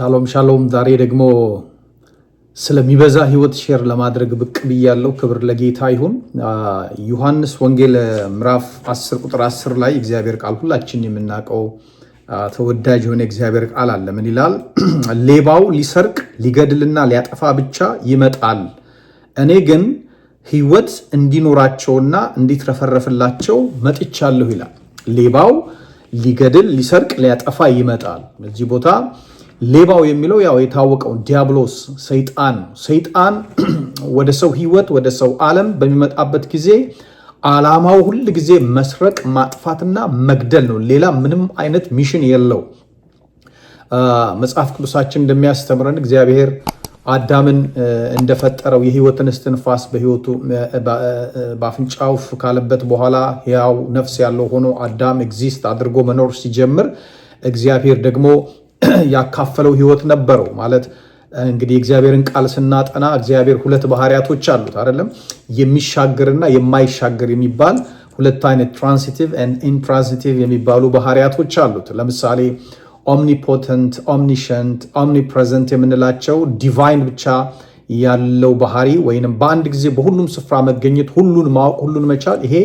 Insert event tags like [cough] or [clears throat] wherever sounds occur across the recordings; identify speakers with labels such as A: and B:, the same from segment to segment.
A: ሻሎም ሻሎም። ዛሬ ደግሞ ስለሚበዛ ህይወት ሼር ለማድረግ ብቅ ብያለው። ክብር ለጌታ ይሁን። ዮሐንስ ወንጌል ምዕራፍ 10 ቁጥር 10 ላይ እግዚአብሔር ቃል ሁላችን የምናውቀው ተወዳጅ የሆነ እግዚአብሔር ቃል አለ። ምን ይላል? [clears throat] ሌባው ሊሰርቅ ሊገድልና ሊያጠፋ ብቻ ይመጣል፣ እኔ ግን ህይወት እንዲኖራቸውና እንዲትረፈረፍላቸው መጥቻለሁ ይላል። ሌባው ሊገድል ሊሰርቅ ሊያጠፋ ይመጣል። እዚህ ቦታ ሌባው የሚለው ያው የታወቀው ዲያብሎስ ሰይጣን ነው። ሰይጣን [clears throat] ወደ ሰው ህይወት ወደ ሰው ዓለም በሚመጣበት ጊዜ አላማው ሁል ጊዜ መስረቅ፣ ማጥፋትና መግደል ነው። ሌላ ምንም አይነት ሚሽን የለው። መጽሐፍ ቅዱሳችን እንደሚያስተምረን እግዚአብሔር አዳምን እንደፈጠረው የህይወትን እስትንፋስ በህይወቱ በአፍንጫው ካለበት በኋላ ያው ነፍስ ያለው ሆኖ አዳም ኤግዚስት አድርጎ መኖር ሲጀምር እግዚአብሔር ደግሞ [clears throat] ያካፈለው ህይወት ነበረው ማለት እንግዲህ እግዚአብሔርን ቃል ስናጠና እግዚአብሔር ሁለት ባህሪያቶች አሉት አይደለም የሚሻገርና የማይሻገር የሚባል ሁለት አይነት ትራንሲቲቭ ኢንትራንሲቲቭ የሚባሉ ባህሪያቶች አሉት ለምሳሌ ኦምኒፖተንት ኦምኒሸንት ኦምኒፕሬዘንት የምንላቸው ዲቫይን ብቻ ያለው ባህሪ ወይም በአንድ ጊዜ በሁሉም ስፍራ መገኘት ሁሉን ማወቅ ሁሉን መቻል ይሄ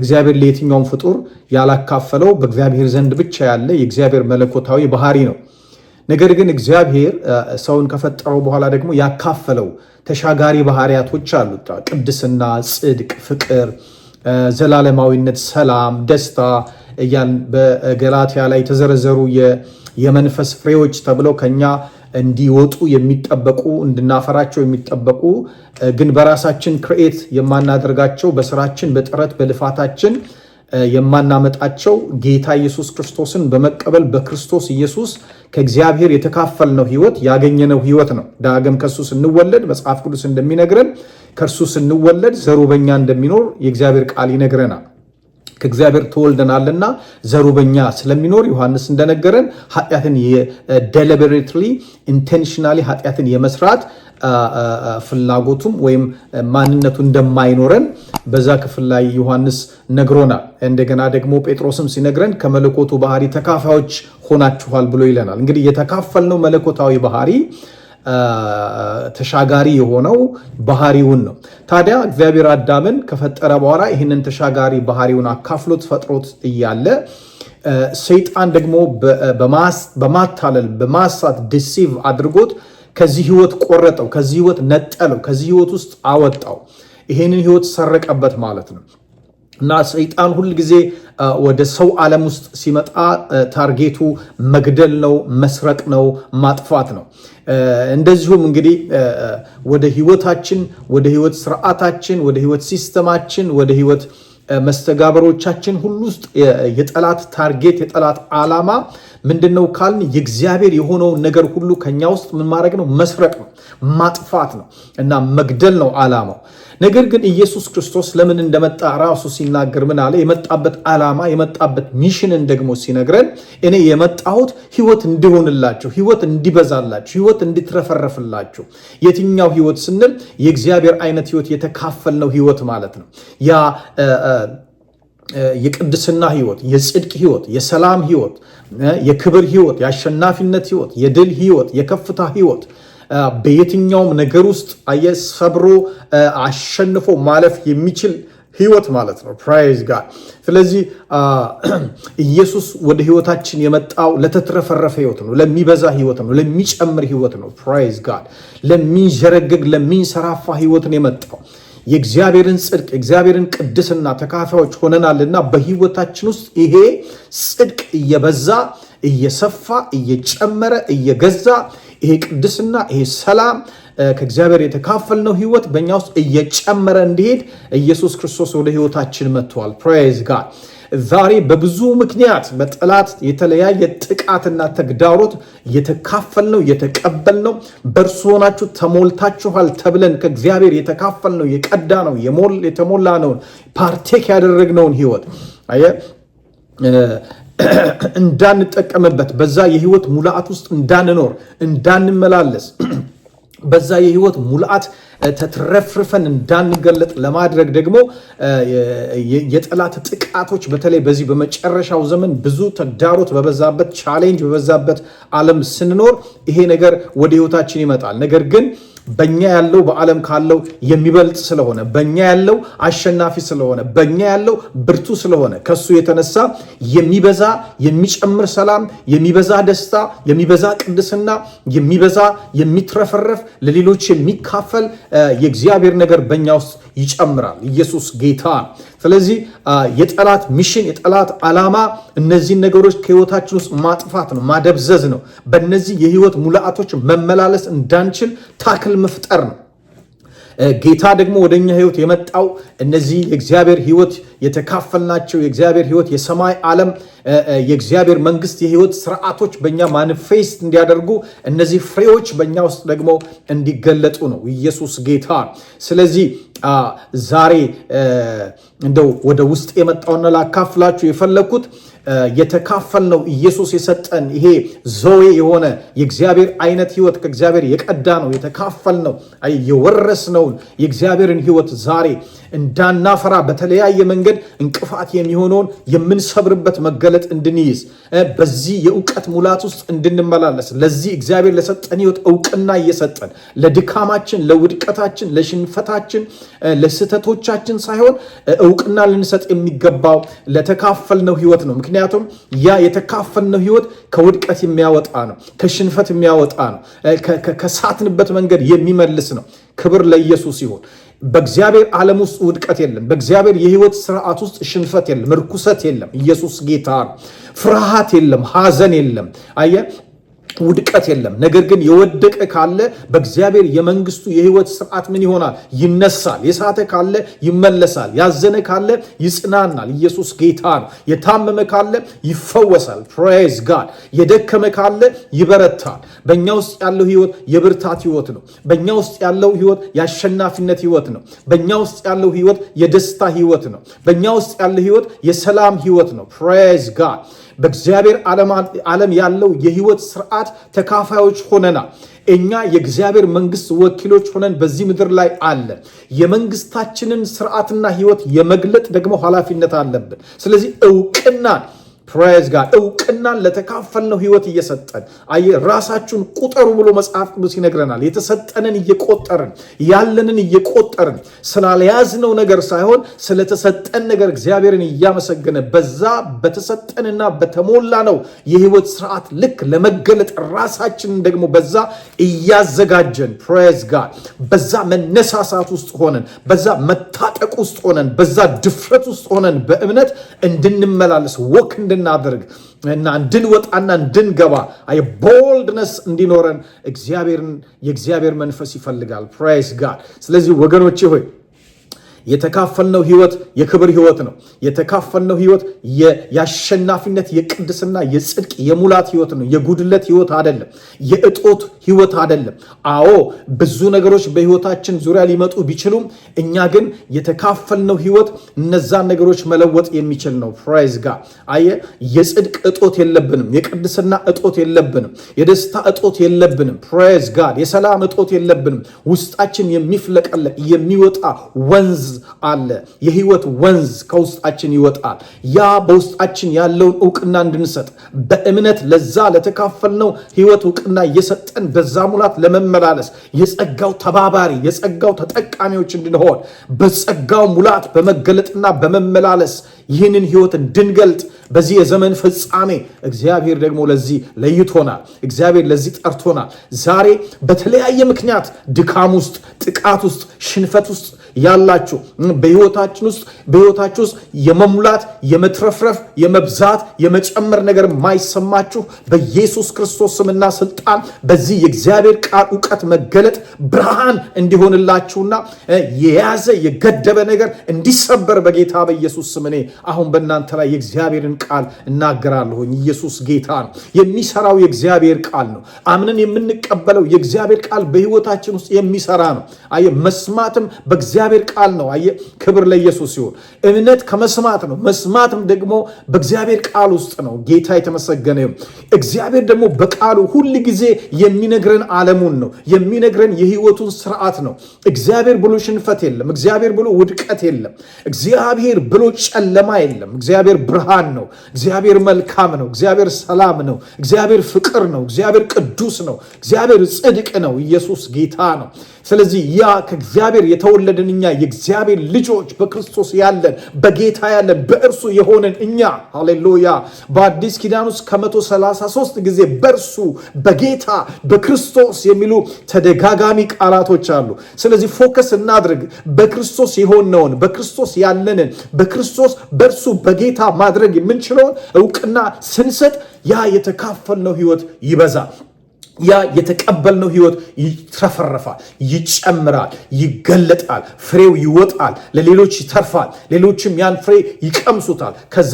A: እግዚአብሔር ለየትኛውም ፍጡር ያላካፈለው በእግዚአብሔር ዘንድ ብቻ ያለ የእግዚአብሔር መለኮታዊ ባህሪ ነው። ነገር ግን እግዚአብሔር ሰውን ከፈጠረው በኋላ ደግሞ ያካፈለው ተሻጋሪ ባህሪያቶች አሉት። ቅድስና፣ ጽድቅ፣ ፍቅር፣ ዘላለማዊነት፣ ሰላም፣ ደስታ እያን በገላትያ ላይ የተዘረዘሩ የመንፈስ ፍሬዎች ተብለው ከኛ እንዲወጡ የሚጠበቁ እንድናፈራቸው የሚጠበቁ ግን በራሳችን ክርኤት የማናደርጋቸው በስራችን በጥረት በልፋታችን የማናመጣቸው ጌታ ኢየሱስ ክርስቶስን በመቀበል በክርስቶስ ኢየሱስ ከእግዚአብሔር የተካፈልነው ህይወት ያገኘነው ህይወት ነው። ዳግም ከእሱ ስንወለድ መጽሐፍ ቅዱስ እንደሚነግረን ከእርሱ ስንወለድ ዘሩ በኛ እንደሚኖር የእግዚአብሔር ቃል ይነግረናል። ከእግዚአብሔር ተወልደናልና ዘሩ በኛ ስለሚኖር ዮሐንስ እንደነገረን ኃጢአትን ደሊበሬትሊ ኢንቴንሽናሊ ኃጢአትን የመስራት ፍላጎቱም ወይም ማንነቱ እንደማይኖረን በዛ ክፍል ላይ ዮሐንስ ነግሮናል። እንደገና ደግሞ ጴጥሮስም ሲነግረን ከመለኮቱ ባህሪ ተካፋዮች ሆናችኋል ብሎ ይለናል። እንግዲህ የተካፈልነው መለኮታዊ ባህሪ ተሻጋሪ የሆነው ባህሪውን ነው። ታዲያ እግዚአብሔር አዳምን ከፈጠረ በኋላ ይህንን ተሻጋሪ ባህሪውን አካፍሎት ፈጥሮት እያለ ሰይጣን ደግሞ በማታለል በማሳት ዲሲቭ አድርጎት ከዚህ ህይወት ቆረጠው፣ ከዚህ ህይወት ነጠለው፣ ከዚህ ህይወት ውስጥ አወጣው። ይህንን ህይወት ሰረቀበት ማለት ነው። እና ሰይጣን ጊዜ ወደ ሰው ዓለም ውስጥ ሲመጣ ታርጌቱ መግደል ነው፣ መስረቅ ነው፣ ማጥፋት ነው። እንደዚሁም እንግዲህ ወደ ህይወታችን፣ ወደ ህይወት ስርዓታችን፣ ወደ ህይወት ሲስተማችን፣ ወደ ህይወት መስተጋበሮቻችን ሁሉ ውስጥ የጠላት ታርጌት የጠላት ዓላማ ምንድን ነው ካልን የእግዚአብሔር የሆነውን ነገር ሁሉ ከኛ ውስጥ ምን ማድረግ ነው? መስረቅ ነው፣ ማጥፋት ነው እና መግደል ነው ዓላማው። ነገር ግን ኢየሱስ ክርስቶስ ለምን እንደመጣ ራሱ ሲናገር ምን አለ? የመጣበት ዓላማ የመጣበት ሚሽንን ደግሞ ሲነግረን እኔ የመጣሁት ህይወት እንዲሆንላችሁ፣ ህይወት እንዲበዛላችሁ፣ ህይወት እንዲትረፈረፍላችሁ። የትኛው ህይወት ስንል የእግዚአብሔር አይነት ሕይወት የተካፈልነው ህይወት ማለት ነው ያ የቅድስና ህይወት፣ የጽድቅ ህይወት፣ የሰላም ህይወት፣ የክብር ህይወት፣ የአሸናፊነት ህይወት፣ የድል ህይወት፣ የከፍታ ህይወት በየትኛውም ነገር ውስጥ አየሰብሮ አሸንፎ ማለፍ የሚችል ህይወት ማለት ነው። ፕራይዝ ጋር ስለዚህ ኢየሱስ ወደ ህይወታችን የመጣው ለተትረፈረፈ ህይወት ነው፣ ለሚበዛ ህይወት ነው፣ ለሚጨምር ህይወት ነው። ፕራይዝ ጋር ለሚንዠረግግ ለሚንሰራፋ ህይወት ነው የመጣው። የእግዚአብሔርን ጽድቅ የእግዚአብሔርን ቅድስና ተካፋዮች ሆነናልና በህይወታችን ውስጥ ይሄ ጽድቅ እየበዛ እየሰፋ እየጨመረ እየገዛ ይሄ ቅድስና፣ ይሄ ሰላም ከእግዚአብሔር የተካፈልነው ህይወት በእኛ ውስጥ እየጨመረ እንዲሄድ ኢየሱስ ክርስቶስ ወደ ህይወታችን መጥተዋል። ፕሬዝ ጋድ። ዛሬ በብዙ ምክንያት በጠላት የተለያየ ጥቃትና ተግዳሮት እየተካፈልነው እየተቀበልነው በእርሱ ሆናችሁ ተሞልታችኋል ተብለን ከእግዚአብሔር የተካፈልነው የተሞላ ነውን ፓርቴክ ያደረግነውን ህይወት እንዳንጠቀምበት፣ በዛ የህይወት ሙላአት ውስጥ እንዳንኖር፣ እንዳንመላለስ በዛ የህይወት ሙልአት ተትረፍርፈን እንዳንገለጥ ለማድረግ ደግሞ የጠላት ጥቃቶች በተለይ በዚህ በመጨረሻው ዘመን ብዙ ተግዳሮት በበዛበት ቻሌንጅ በበዛበት ዓለም ስንኖር ይሄ ነገር ወደ ህይወታችን ይመጣል። ነገር ግን በኛ ያለው በዓለም ካለው የሚበልጥ ስለሆነ በኛ ያለው አሸናፊ ስለሆነ በኛ ያለው ብርቱ ስለሆነ ከሱ የተነሳ የሚበዛ የሚጨምር ሰላም፣ የሚበዛ ደስታ፣ የሚበዛ ቅድስና፣ የሚበዛ የሚትረፈረፍ ለሌሎች የሚካፈል የእግዚአብሔር ነገር በኛ ውስጥ ይጨምራል። ኢየሱስ ጌታ ስለዚህ የጠላት ሚሽን የጠላት ዓላማ እነዚህን ነገሮች ከህይወታችን ውስጥ ማጥፋት ነው፣ ማደብዘዝ ነው። በእነዚህ የህይወት ሙላአቶች መመላለስ እንዳንችል ታክል መፍጠር ነው። ጌታ ደግሞ ወደ እኛ ህይወት የመጣው እነዚህ የእግዚአብሔር ህይወት የተካፈልናቸው የእግዚአብሔር ህይወት የሰማይ ዓለም የእግዚአብሔር መንግስት የህይወት ስርዓቶች በእኛ ማኒፌስት እንዲያደርጉ እነዚህ ፍሬዎች በእኛ ውስጥ ደግሞ እንዲገለጡ ነው። ኢየሱስ ጌታ። ስለዚህ ዛሬ እንደው ወደ ውስጥ የመጣውና ላካፍላችሁ የፈለግኩት የተካፈልነው ኢየሱስ የሰጠን ይሄ ዘዌ የሆነ የእግዚአብሔር አይነት ህይወት ከእግዚአብሔር የቀዳ ነው የተካፈልነው የወረስነውን የእግዚአብሔርን ህይወት ዛሬ እንዳናፈራ በተለያየ መንገድ እንቅፋት የሚሆነውን የምንሰብርበት መገለጥ እንድንይዝ በዚህ የእውቀት ሙላት ውስጥ እንድንመላለስ ለዚህ እግዚአብሔር ለሰጠን ህይወት እውቅና እየሰጠን ለድካማችን፣ ለውድቀታችን፣ ለሽንፈታችን፣ ለስህተቶቻችን ሳይሆን እውቅና ልንሰጥ የሚገባው ለተካፈልነው ህይወት ነው። ምክንያቱም ያ የተካፈልነው ህይወት ከውድቀት የሚያወጣ ነው፣ ከሽንፈት የሚያወጣ ነው፣ ከሳትንበት መንገድ የሚመልስ ነው። ክብር ለኢየሱስ ይሁን። በእግዚአብሔር ዓለም ውስጥ ውድቀት የለም። በእግዚአብሔር የህይወት ስርዓት ውስጥ ሽንፈት የለም፣ ርኩሰት የለም። ኢየሱስ ጌታ ነው። ፍርሃት የለም፣ ሐዘን የለም። አየህ ውድቀት የለም። ነገር ግን የወደቀ ካለ በእግዚአብሔር የመንግስቱ የህይወት ስርዓት ምን ይሆናል? ይነሳል። የሳተ ካለ ይመለሳል። ያዘነ ካለ ይጽናናል። ኢየሱስ ጌታ ነው። የታመመ ካለ ይፈወሳል። ፕሬዝ ጋድ። የደከመ ካለ ይበረታል። በእኛ ውስጥ ያለው ህይወት የብርታት ህይወት ነው። በእኛ ውስጥ ያለው ህይወት የአሸናፊነት ህይወት ነው። በእኛ ውስጥ ያለው ህይወት የደስታ ህይወት ነው። በእኛ ውስጥ ያለው ህይወት የሰላም ህይወት ነው። ፕሬዝ ጋድ በእግዚአብሔር ዓለም ያለው የህይወት ስርዓት ተካፋዮች ሆነና እኛ የእግዚአብሔር መንግስት ወኪሎች ሆነን በዚህ ምድር ላይ አለን። የመንግስታችንን ስርዓትና ህይወት የመግለጥ ደግሞ ኃላፊነት አለብን። ስለዚህ እውቅናን ፕሬዝ ጋር እውቅናን ለተካፈልነው ህይወት እየሰጠን ራሳችሁን ቁጠሩ ብሎ መጽሐፍ ቅዱስ ይነግረናል። የተሰጠንን እየቆጠርን ያለንን እየቆጠርን ስላልያዝነው ነገር ሳይሆን ስለተሰጠን ነገር እግዚአብሔርን እያመሰገነ በዛ በተሰጠንና በተሞላ ነው የህይወት ስርዓት ልክ ለመገለጥ ራሳችንን ደግሞ በዛ እያዘጋጀን ፕሬዝ ጋር በዛ መነሳሳት ውስጥ ሆነን በዛ መታጠቅ ውስጥ ሆነን በዛ ድፍረት ውስጥ ሆነን በእምነት እንድንመላለስ ወክ እንድናደርግ እና እንድንወጣና እንድንገባ ቦልድነስ እንዲኖረን እግዚአብሔርን የእግዚአብሔር መንፈስ ይፈልጋል። ፕራይስ ጋድ። ስለዚህ ወገኖቼ ሆይ የተካፈልነው ህይወት የክብር ህይወት ነው። የተካፈልነው ህይወት የአሸናፊነት፣ የቅድስና፣ የጽድቅ፣ የሙላት ህይወት ነው። የጉድለት ህይወት አይደለም። የእጦት ህይወት አይደለም። አዎ ብዙ ነገሮች በህይወታችን ዙሪያ ሊመጡ ቢችሉም እኛ ግን የተካፈልነው ህይወት እነዛን ነገሮች መለወጥ የሚችል ነው። ፍራይዝ ጋ አየ የጽድቅ እጦት የለብንም። የቅድስና እጦት የለብንም። የደስታ እጦት የለብንም። ፕራይዝ ጋ የሰላም እጦት የለብንም። ውስጣችን የሚፍለቀለቅ የሚወጣ ወንዝ አለ፣ የህይወት ወንዝ ከውስጣችን ይወጣል። ያ በውስጣችን ያለውን እውቅና እንድንሰጥ በእምነት ለዛ ለተካፈልነው ህይወት እውቅና እየሰጠን በዛ ሙላት ለመመላለስ የጸጋው ተባባሪ የጸጋው ተጠቃሚዎች እንድንሆን በጸጋው ሙላት በመገለጥና በመመላለስ ይህንን ህይወት እንድንገልጥ በዚህ የዘመን ፍጻሜ እግዚአብሔር ደግሞ ለዚህ ለይቶናል። እግዚአብሔር ለዚህ ጠርቶናል። ዛሬ በተለያየ ምክንያት ድካም ውስጥ፣ ጥቃት ውስጥ፣ ሽንፈት ውስጥ ያላችሁ በህይወታችን ውስጥ በህይወታችሁ ውስጥ የመሙላት የመትረፍረፍ የመብዛት የመጨመር ነገር የማይሰማችሁ በኢየሱስ ክርስቶስ ስምና ስልጣን በዚህ የእግዚአብሔር ቃል እውቀት መገለጥ ብርሃን እንዲሆንላችሁና የያዘ የገደበ ነገር እንዲሰበር በጌታ በኢየሱስ ስምኔ አሁን በእናንተ ላይ የእግዚአብሔርን ቃል እናገራለሁኝ። ኢየሱስ ጌታ ነው። የሚሰራው የእግዚአብሔር ቃል ነው። አምነን የምንቀበለው የእግዚአብሔር ቃል በህይወታችን ውስጥ የሚሰራ ነው። አየ መስማትም በእግዚአብሔር ቃል ነው። አየ ክብር ለኢየሱስ ሲሆን እምነት ከመስማት ነው። መስማትም ደግሞ በእግዚአብሔር ቃል ውስጥ ነው። ጌታ የተመሰገነ እግዚአብሔር ደግሞ በቃሉ ሁል ጊዜ የሚነግረን ዓለሙን ነው የሚነግረን የህይወቱን ስርዓት ነው። እግዚአብሔር ብሎ ሽንፈት የለም። እግዚአብሔር ብሎ ውድቀት የለም። እግዚአብሔር ብሎ ጨለማ የለም። እግዚአብሔር ብርሃን ነው። እግዚአብሔር መልካም ነው፣ እግዚአብሔር ሰላም ነው፣ እግዚአብሔር ፍቅር ነው፣ እግዚአብሔር ቅዱስ ነው፣ እግዚአብሔር ጽድቅ ነው፣ ኢየሱስ ጌታ ነው። ስለዚህ ያ ከእግዚአብሔር የተወለደን እኛ የእግዚአብሔር ልጆች በክርስቶስ ያለን በጌታ ያለን በእርሱ የሆነን እኛ ሃሌሉያ በአዲስ ኪዳን ውስጥ ከመቶ ሰላሳ ሦስት ጊዜ በእርሱ በጌታ በክርስቶስ የሚሉ ተደጋጋሚ ቃላቶች አሉ። ስለዚህ ፎከስ እናድርግ በክርስቶስ የሆነውን በክርስቶስ ያለንን በክርስቶስ በእርሱ በጌታ ማድረግ የምን የምንችለውን እውቅና ስንሰጥ ያ የተካፈልነው ህይወት ይበዛ ያ የተቀበልነው ህይወት ይትረፈረፋል፣ ይጨምራል፣ ይገለጣል፣ ፍሬው ይወጣል፣ ለሌሎች ይተርፋል፣ ሌሎችም ያን ፍሬ ይቀምሱታል። ከዛ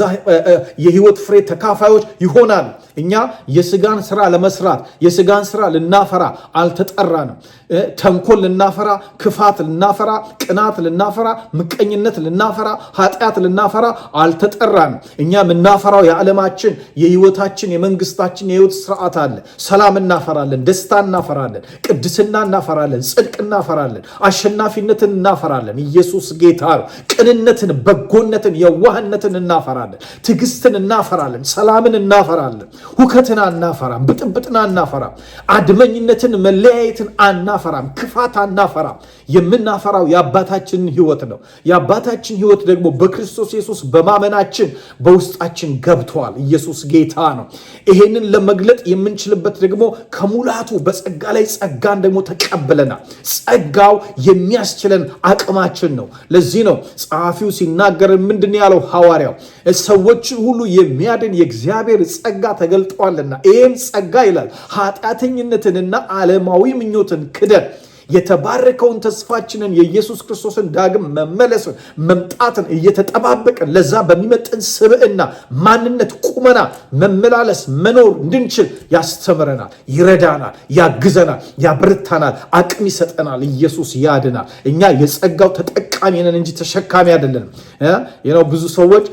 A: የህይወት ፍሬ ተካፋዮች ይሆናል። እኛ የስጋን ስራ ለመስራት የስጋን ስራ ልናፈራ አልተጠራንም። ተንኮል ልናፈራ፣ ክፋት ልናፈራ፣ ቅናት ልናፈራ፣ ምቀኝነት ልናፈራ፣ ኃጢአት ልናፈራ አልተጠራንም። እኛ የምናፈራው የዓለማችን፣ የህይወታችን፣ የመንግስታችን የህይወት ስርዓት አለ። ሰላም እናፈራለን፣ ደስታ እናፈራለን፣ ቅድስና እናፈራለን፣ ጽድቅ እናፈራለን፣ አሸናፊነትን እናፈራለን። ኢየሱስ ጌታ ነው። ቅንነትን፣ በጎነትን፣ የዋህነትን እናፈራለን፣ ትዕግስትን እናፈራለን፣ ሰላምን እናፈራለን። ሁከትን አናፈራም። ብጥብጥን አናፈራም። አድመኝነትን፣ መለያየትን አናፈራም። ክፋት አናፈራም። የምናፈራው የአባታችንን ህይወት ነው። የአባታችን ህይወት ደግሞ በክርስቶስ ኢየሱስ በማመናችን በውስጣችን ገብተዋል። ኢየሱስ ጌታ ነው። ይሄንን ለመግለጥ የምንችልበት ደግሞ ከሙላቱ በጸጋ ላይ ጸጋን ደግሞ ተቀብለናል። ጸጋው የሚያስችለን አቅማችን ነው። ለዚህ ነው ጸሐፊው ሲናገር ምንድን ያለው ሐዋርያው ሰዎችን ሁሉ የሚያድን የእግዚአብሔር ጸጋ ተገልጧልና ይህም ጸጋ ይላል ኃጢአተኝነትንና ዓለማዊ ምኞትን ክደን የተባረከውን ተስፋችንን የኢየሱስ ክርስቶስን ዳግም መመለስን መምጣትን እየተጠባበቅን ለዛ በሚመጥን ስብዕና ማንነት፣ ቁመና መመላለስ መኖር እንድንችል ያስተምረናል፣ ይረዳናል፣ ያግዘናል፣ ያብርታናል፣ አቅም ይሰጠናል። ኢየሱስ ያድናል። እኛ የጸጋው ተጠቃሚ ነን እንጂ ተሸካሚ አይደለንም። ብዙ ሰዎች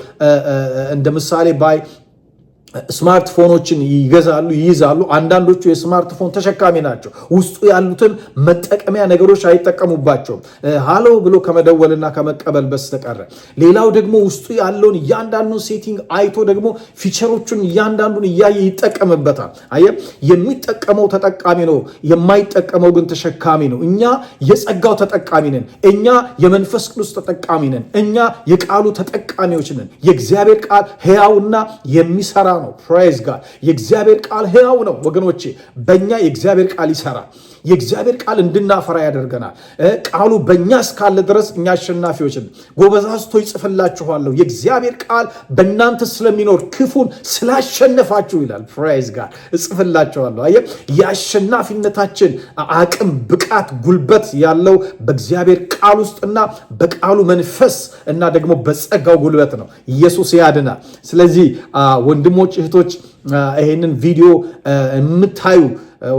A: እንደ ምሳሌ ባይ ስማርትፎኖችን ይገዛሉ፣ ይይዛሉ። አንዳንዶቹ የስማርትፎን ተሸካሚ ናቸው። ውስጡ ያሉትን መጠቀሚያ ነገሮች አይጠቀሙባቸውም፣ ሃሎ ብሎ ከመደወልና ከመቀበል በስተቀረ። ሌላው ደግሞ ውስጡ ያለውን እያንዳንዱን ሴቲንግ አይቶ ደግሞ ፊቸሮቹን እያንዳንዱን እያየ ይጠቀምበታል። አየ የሚጠቀመው ተጠቃሚ ነው፣ የማይጠቀመው ግን ተሸካሚ ነው። እኛ የጸጋው ተጠቃሚ ነን። እኛ የመንፈስ ቅዱስ ተጠቃሚ ነን። እኛ የቃሉ ተጠቃሚዎች ነን። የእግዚአብሔር ቃል ሕያውና የሚሰራ ነው። ነው። ፕሬዝ ጋር የእግዚአብሔር ቃል ህያው ነው ወገኖቼ። በእኛ የእግዚአብሔር ቃል ይሰራ። የእግዚአብሔር ቃል እንድናፈራ ያደርገናል። ቃሉ በእኛ እስካለ ድረስ እኛ አሸናፊዎችን ጎበዛዝቶ ይጽፍላችኋለሁ የእግዚአብሔር ቃል በእናንተ ስለሚኖር ክፉን ስላሸነፋችሁ ይላል። ፕራይዝ ጋር እጽፍላችኋለሁ። አየ የአሸናፊነታችን አቅም፣ ብቃት፣ ጉልበት ያለው በእግዚአብሔር ቃል ውስጥና በቃሉ መንፈስ እና ደግሞ በጸጋው ጉልበት ነው። ኢየሱስ ያድናል። ስለዚህ ወንድሞች እህቶች ይሄንን ቪዲዮ የምታዩ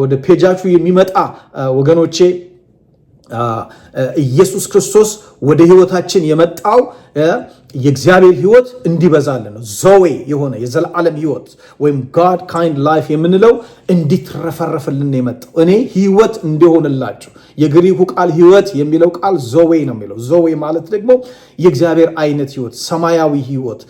A: ወደ ፔጃችሁ የሚመጣ ወገኖቼ ኢየሱስ ክርስቶስ ወደ ህይወታችን የመጣው የእግዚአብሔር ህይወት እንዲበዛልን ነው። ዞዌ የሆነ የዘላለም ህይወት ወይም ጋድ ካይንድ ላይፍ የምንለው እንዲትረፈረፍልን የመጣው እኔ ህይወት እንዲሆንላችሁ። የግሪኩ ቃል ህይወት የሚለው ቃል ዘዌ ነው የሚለው። ዘዌ ማለት ደግሞ የእግዚአብሔር አይነት ህይወት፣ ሰማያዊ ህይወት፣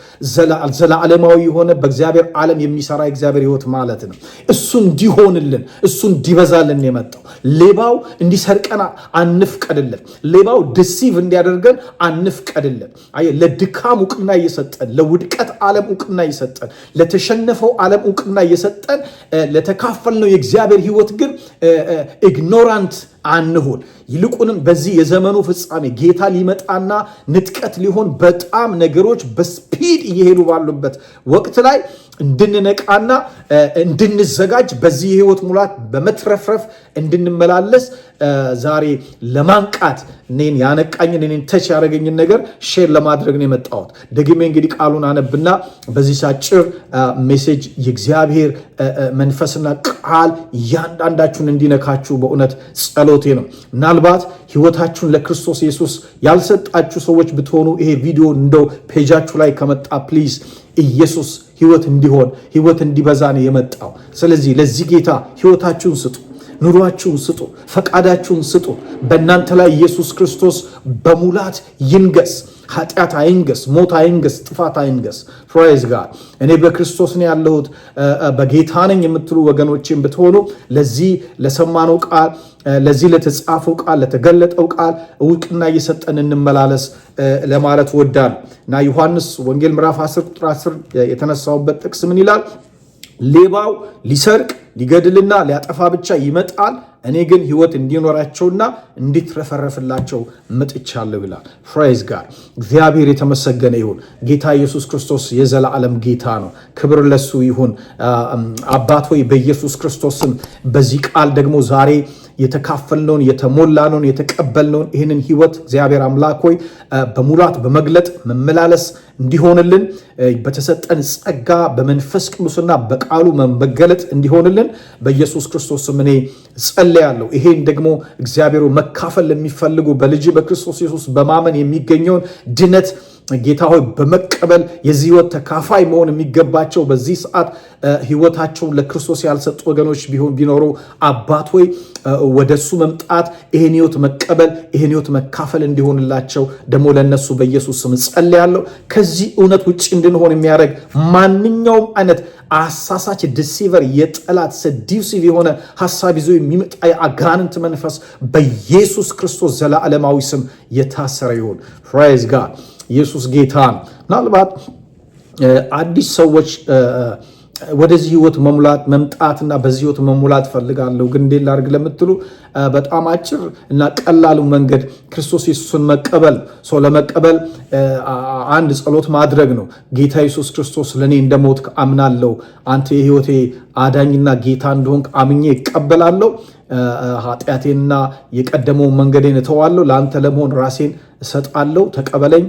A: ዘላለማዊ የሆነ በእግዚአብሔር ዓለም የሚሰራ የእግዚአብሔር ህይወት ማለት ነው። እሱ እንዲሆንልን፣ እሱ እንዲበዛልን የመጣው ሌባው እንዲሰርቀን አንፍቀድለን። ሌባው ዲሲቭ እንዲያደርገን አንፍቀድለን። አየ ለድካም እውቅና እየሰጠን፣ ለውድቀት ዓለም እውቅና እየሰጠን፣ ለተሸነፈው ዓለም እውቅና እየሰጠን፣ ለተካፈልነው የእግዚአብሔር ሕይወት ግን ኢግኖራንት አንሁን። ይልቁንም በዚህ የዘመኑ ፍጻሜ ጌታ ሊመጣና ንጥቀት ሊሆን በጣም ነገሮች በስፒድ እየሄዱ ባሉበት ወቅት ላይ እንድንነቃና እንድንዘጋጅ በዚህ የህይወት ሙላት በመትረፍረፍ እንድንመላለስ ዛሬ ለማንቃት እኔን ያነቃኝን እኔን ተች ያደረገኝን ነገር ሼር ለማድረግ ነው የመጣሁት። ደግሜ እንግዲህ ቃሉን አነብና በዚህ ሳጭር ሜሴጅ የእግዚአብሔር መንፈስና ቃል እያንዳንዳችሁን እንዲነካችሁ በእውነት ጸሎ ጸሎቴ ነው። ምናልባት ህይወታችሁን ለክርስቶስ ኢየሱስ ያልሰጣችሁ ሰዎች ብትሆኑ ይሄ ቪዲዮ እንደው ፔጃችሁ ላይ ከመጣ ፕሊዝ ኢየሱስ ህይወት እንዲሆን ህይወት እንዲበዛ ነው የመጣው። ስለዚህ ለዚህ ጌታ ህይወታችሁን ስጡ፣ ኑሯችሁን ስጡ፣ ፈቃዳችሁን ስጡ። በእናንተ ላይ ኢየሱስ ክርስቶስ በሙላት ይንገስ። ኃጢአት አይንገስ፣ ሞት አይንገስ፣ ጥፋት አይንገስ። ፕራይዝ ጋር እኔ በክርስቶስ ነው ያለሁት በጌታ ነኝ የምትሉ ወገኖችን ብትሆኑ ለዚህ ለሰማነው ቃል ለዚህ ለተጻፈው ቃል ለተገለጠው ቃል እውቅና እየሰጠን እንመላለስ ለማለት ወዳል እና ዮሐንስ ወንጌል ምዕራፍ 10 ቁጥር 10 የተነሳውበት ጥቅስ ምን ይላል? ሌባው ሊሰርቅ ሊገድልና ሊያጠፋ ብቻ ይመጣል እኔ ግን ህይወት እንዲኖራቸውና እንዲትረፈረፍላቸው መጥቻለሁ ይላል። ፍራይዝ ጋር እግዚአብሔር የተመሰገነ ይሁን። ጌታ ኢየሱስ ክርስቶስ የዘላለም ጌታ ነው። ክብር ለሱ ይሁን። አባት ሆይ በኢየሱስ ክርስቶስም በዚህ ቃል ደግሞ ዛሬ የተካፈልነውን የተሞላነውን የተቀበልነውን ይህንን ህይወት እግዚአብሔር አምላክ ሆይ በሙላት በመግለጥ መመላለስ እንዲሆንልን በተሰጠን ጸጋ በመንፈስ ቅዱስና በቃሉ መገለጥ እንዲሆንልን በኢየሱስ ክርስቶስ ስም እኔ ጸልያለሁ። ይሄን ደግሞ እግዚአብሔሩ መካፈል ለሚፈልጉ በልጅ በክርስቶስ ኢየሱስ በማመን የሚገኘውን ድነት ጌታ ሆይ በመቀበል የዚህ ህይወት ተካፋይ መሆን የሚገባቸው በዚህ ሰዓት ህይወታቸውን ለክርስቶስ ያልሰጡ ወገኖች ቢሆን ቢኖሩ አባት ሆይ እሱ መምጣት ይህን ህይወት መቀበል ይህን ህይወት መካፈል እንዲሆንላቸው ደግሞ ለእነሱ በኢየሱስ ስም ጸልያለሁ። ከዚህ እውነት ውጭ እንድንሆን የሚያደርግ ማንኛውም አይነት አሳሳች ዲሲቨር የጠላት ሰዲሲቭ የሆነ ሀሳብ ይዞ የሚመጣ የአጋንንት መንፈስ በኢየሱስ ክርስቶስ ዘላለማዊ ስም የታሰረ ይሆን ፕራይዝ ጋድ ኢየሱስ ጌታ ነው። ምናልባት አዲስ ሰዎች ወደዚህ ህይወት መሙላት መምጣትና በዚህ ህይወት መሙላት ፈልጋለሁ ግን እንዴት ላድርግ ለምትሉ በጣም አጭር እና ቀላሉ መንገድ ክርስቶስ ኢየሱስን መቀበል ሰው ለመቀበል አንድ ጸሎት ማድረግ ነው። ጌታ ኢየሱስ ክርስቶስ ለእኔ እንደሞት አምናለሁ። አንተ የህይወቴ አዳኝና ጌታ እንደሆንክ አምኜ ይቀበላለሁ። ኃጢአቴንና የቀደመውን መንገዴን እተዋለሁ። ለአንተ ለመሆን ራሴን እሰጣለሁ። ተቀበለኝ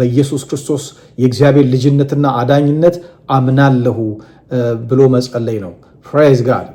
A: በኢየሱስ ክርስቶስ የእግዚአብሔር ልጅነትና አዳኝነት አምናለሁ ብሎ መጸለይ ነው። ፕሬዝ ጋድ